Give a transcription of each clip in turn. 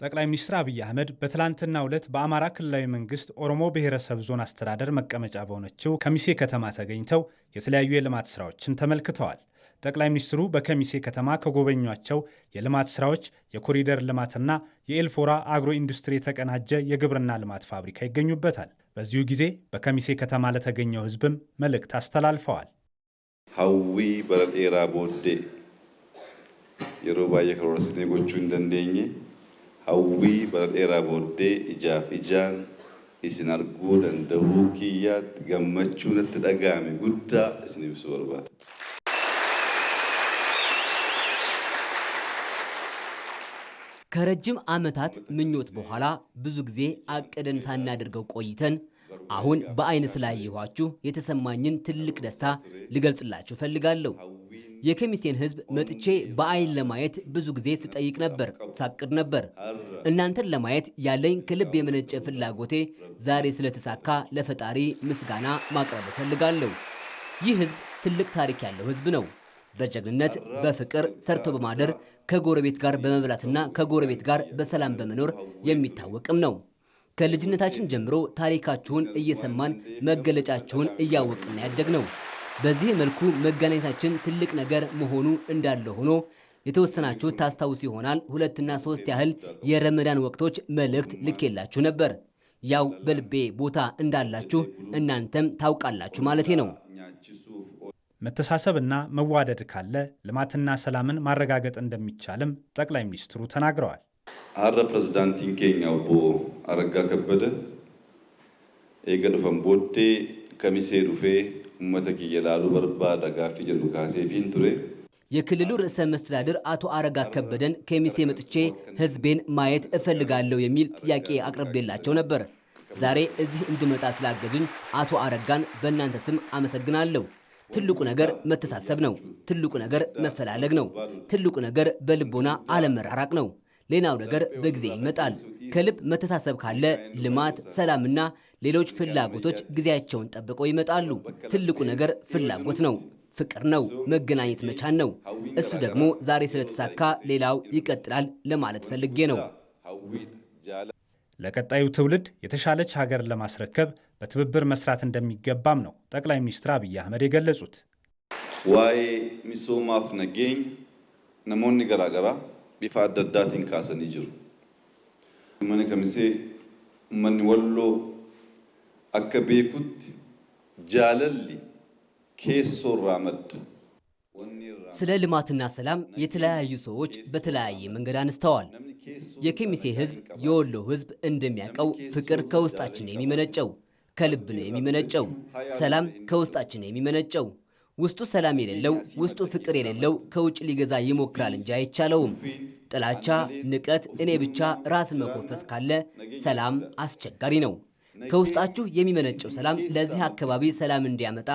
ጠቅላይ ሚኒስትር አብይ አህመድ በትላንትና ዕለት በአማራ ክልላዊ መንግስት ኦሮሞ ብሔረሰብ ዞን አስተዳደር መቀመጫ በሆነችው ከሚሴ ከተማ ተገኝተው የተለያዩ የልማት ስራዎችን ተመልክተዋል። ጠቅላይ ሚኒስትሩ በከሚሴ ከተማ ከጎበኟቸው የልማት ስራዎች የኮሪደር ልማትና የኤልፎራ አግሮ ኢንዱስትሪ የተቀናጀ የግብርና ልማት ፋብሪካ ይገኙበታል። በዚሁ ጊዜ በከሚሴ ከተማ ለተገኘው ህዝብም መልእክት አስተላልፈዋል። ሀዊ በረዴራ ቦዴ የሮባየ ዜጎቹ እንደንዴኜ hawwi bara dheeraa booddee ijaaf ijaan isin arguu danda'uu kiyyaatti gammachuu natti dhaga'ame guddaa isin ibsu barbaada. ከረጅም ዓመታት ምኞት በኋላ ብዙ ጊዜ አቅደን ሳናደርገው ቆይተን አሁን በአይን ስላየኋችሁ የተሰማኝን ትልቅ ደስታ ልገልጽላችሁ ፈልጋለሁ። የከሚሴን ህዝብ መጥቼ በአይን ለማየት ብዙ ጊዜ ስጠይቅ ነበር፣ ሳቅድ ነበር። እናንተን ለማየት ያለኝ ከልብ የመነጨ ፍላጎቴ ዛሬ ስለተሳካ ለፈጣሪ ምስጋና ማቅረብ እፈልጋለሁ። ይህ ህዝብ ትልቅ ታሪክ ያለው ህዝብ ነው። በጀግንነት በፍቅር ሰርቶ በማደር ከጎረቤት ጋር በመብላትና ከጎረቤት ጋር በሰላም በመኖር የሚታወቅም ነው። ከልጅነታችን ጀምሮ ታሪካችሁን እየሰማን መገለጫችሁን እያወቅን ያደግ ነው። በዚህ መልኩ መገናኘታችን ትልቅ ነገር መሆኑ እንዳለ ሆኖ የተወሰናችሁ ታስታውስ ይሆናል ሁለትና ሶስት ያህል የረመዳን ወቅቶች መልእክት ልኬላችሁ ነበር። ያው በልቤ ቦታ እንዳላችሁ እናንተም ታውቃላችሁ ማለቴ ነው። መተሳሰብና መዋደድ ካለ ልማትና ሰላምን ማረጋገጥ እንደሚቻልም ጠቅላይ ሚኒስትሩ ተናግረዋል። አረ ፕሬዚዳንት ይንኬኛ ቦ አረጋ ከበደ ኤገ ቦዴ ከሚሴ ዱፌ ummata kiyya ilaaluu barbaada jedhu kaaseefiin ture የክልሉ ርዕሰ መስተዳድር አቶ አረጋ ከበደን ከሚሴ መጥቼ ህዝቤን ማየት እፈልጋለሁ የሚል ጥያቄ አቅርቤላቸው ነበር። ዛሬ እዚህ እንድመጣ ስላገዙኝ አቶ አረጋን በእናንተ ስም አመሰግናለሁ። ትልቁ ነገር መተሳሰብ ነው። ትልቁ ነገር መፈላለግ ነው። ትልቁ ነገር በልቦና አለመራራቅ ነው። ሌላው ነገር በጊዜ ይመጣል። ከልብ መተሳሰብ ካለ ልማት፣ ሰላምና ሌሎች ፍላጎቶች ጊዜያቸውን ጠብቀው ይመጣሉ። ትልቁ ነገር ፍላጎት ነው፣ ፍቅር ነው፣ መገናኘት መቻን ነው። እሱ ደግሞ ዛሬ ስለተሳካ ሌላው ይቀጥላል ለማለት ፈልጌ ነው። ለቀጣዩ ትውልድ የተሻለች ሀገር ለማስረከብ በትብብር መስራት እንደሚገባም ነው ጠቅላይ ሚኒስትር አብይ አህመድ የገለጹት። ዋይ ሚሶማፍ ነገኝ ነሞኒ ገራገራ ቢፋ አደዳቲን ካሰን ይጅሩ መኒ ከሚሴ መኒ ወሎ akka beekutti jaalalli keessoorraa madda። ስለ ልማትና ሰላም የተለያዩ ሰዎች በተለያየ መንገድ አንስተዋል። የኬሚሴ ህዝብ፣ የወሎ ህዝብ እንደሚያውቀው ፍቅር ከውስጣችን የሚመነጨው ከልብ ነው የሚመነጨው። ሰላም ከውስጣችን ነው የሚመነጨው። ውስጡ ሰላም የሌለው ውስጡ ፍቅር የሌለው ከውጭ ሊገዛ ይሞክራል እንጂ አይቻለውም። ጥላቻ፣ ንቀት፣ እኔ ብቻ ራስን መኮፈስ ካለ ሰላም አስቸጋሪ ነው። ከውስጣችሁ የሚመነጨው ሰላም ለዚህ አካባቢ ሰላም እንዲያመጣ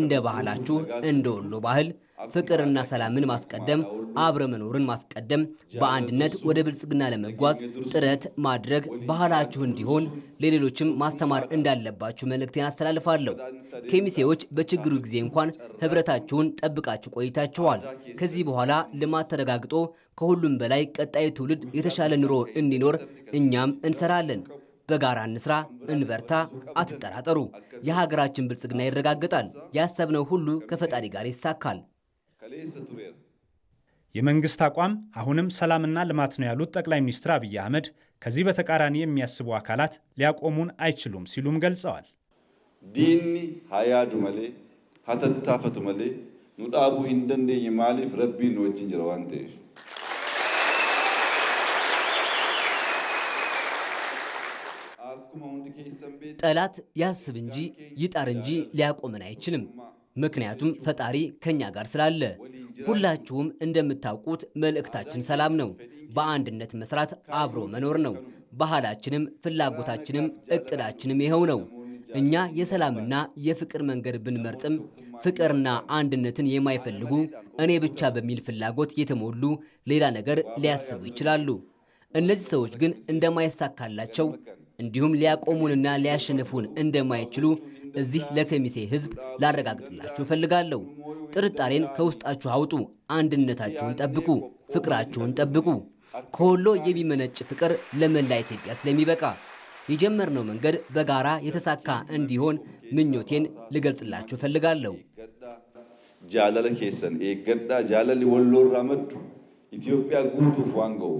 እንደ ባህላችሁ እንደ ወሎ ባህል ፍቅርና ሰላምን ማስቀደም፣ አብረ መኖርን ማስቀደም፣ በአንድነት ወደ ብልጽግና ለመጓዝ ጥረት ማድረግ ባህላችሁ እንዲሆን ለሌሎችም ማስተማር እንዳለባችሁ መልእክቴን አስተላልፋለሁ። ኬሚሴዎች በችግሩ ጊዜ እንኳን ህብረታችሁን ጠብቃችሁ ቆይታችኋል። ከዚህ በኋላ ልማት ተረጋግጦ ከሁሉም በላይ ቀጣይ ትውልድ የተሻለ ኑሮ እንዲኖር እኛም እንሰራለን። በጋራ እንስራ፣ እንበርታ፣ አትጠራጠሩ። የሀገራችን ብልጽግና ይረጋገጣል። ያሰብነው ሁሉ ከፈጣሪ ጋር ይሳካል። የመንግስት አቋም አሁንም ሰላምና ልማት ነው ያሉት ጠቅላይ ሚኒስትር አብይ አህመድ ከዚህ በተቃራኒ የሚያስቡ አካላት ሊያቆሙን አይችሉም ሲሉም ገልጸዋል። ዲኒ ሀያዱ መሌ ሀተታፈቱ መሌ ኑዳቡ እንደንደኝ ማሊፍ ረቢ ወጅን እንጅረዋንቴ ጠላት ያስብ እንጂ ይጣር እንጂ ሊያቆመን አይችልም። ምክንያቱም ፈጣሪ ከእኛ ጋር ስላለ። ሁላችሁም እንደምታውቁት መልእክታችን ሰላም ነው። በአንድነት መስራት፣ አብሮ መኖር ነው። ባህላችንም፣ ፍላጎታችንም፣ እቅዳችንም ይኸው ነው። እኛ የሰላምና የፍቅር መንገድ ብንመርጥም ፍቅርና አንድነትን የማይፈልጉ እኔ ብቻ በሚል ፍላጎት የተሞሉ ሌላ ነገር ሊያስቡ ይችላሉ። እነዚህ ሰዎች ግን እንደማይሳካላቸው እንዲሁም ሊያቆሙንና ሊያሸንፉን እንደማይችሉ እዚህ ለከሚሴ ህዝብ ላረጋግጥላችሁ እፈልጋለሁ። ጥርጣሬን ከውስጣችሁ አውጡ። አንድነታችሁን ጠብቁ። ፍቅራችሁን ጠብቁ። ከወሎ የሚመነጭ ፍቅር ለመላ ኢትዮጵያ ስለሚበቃ የጀመርነው መንገድ በጋራ የተሳካ እንዲሆን ምኞቴን ልገልጽላችሁ እፈልጋለሁ። ጃለለ ኬሰን ኤገዳ ጃለሊ ወሎ ራመዱ ኢትዮጵያ ጉቱፍ ዋንገው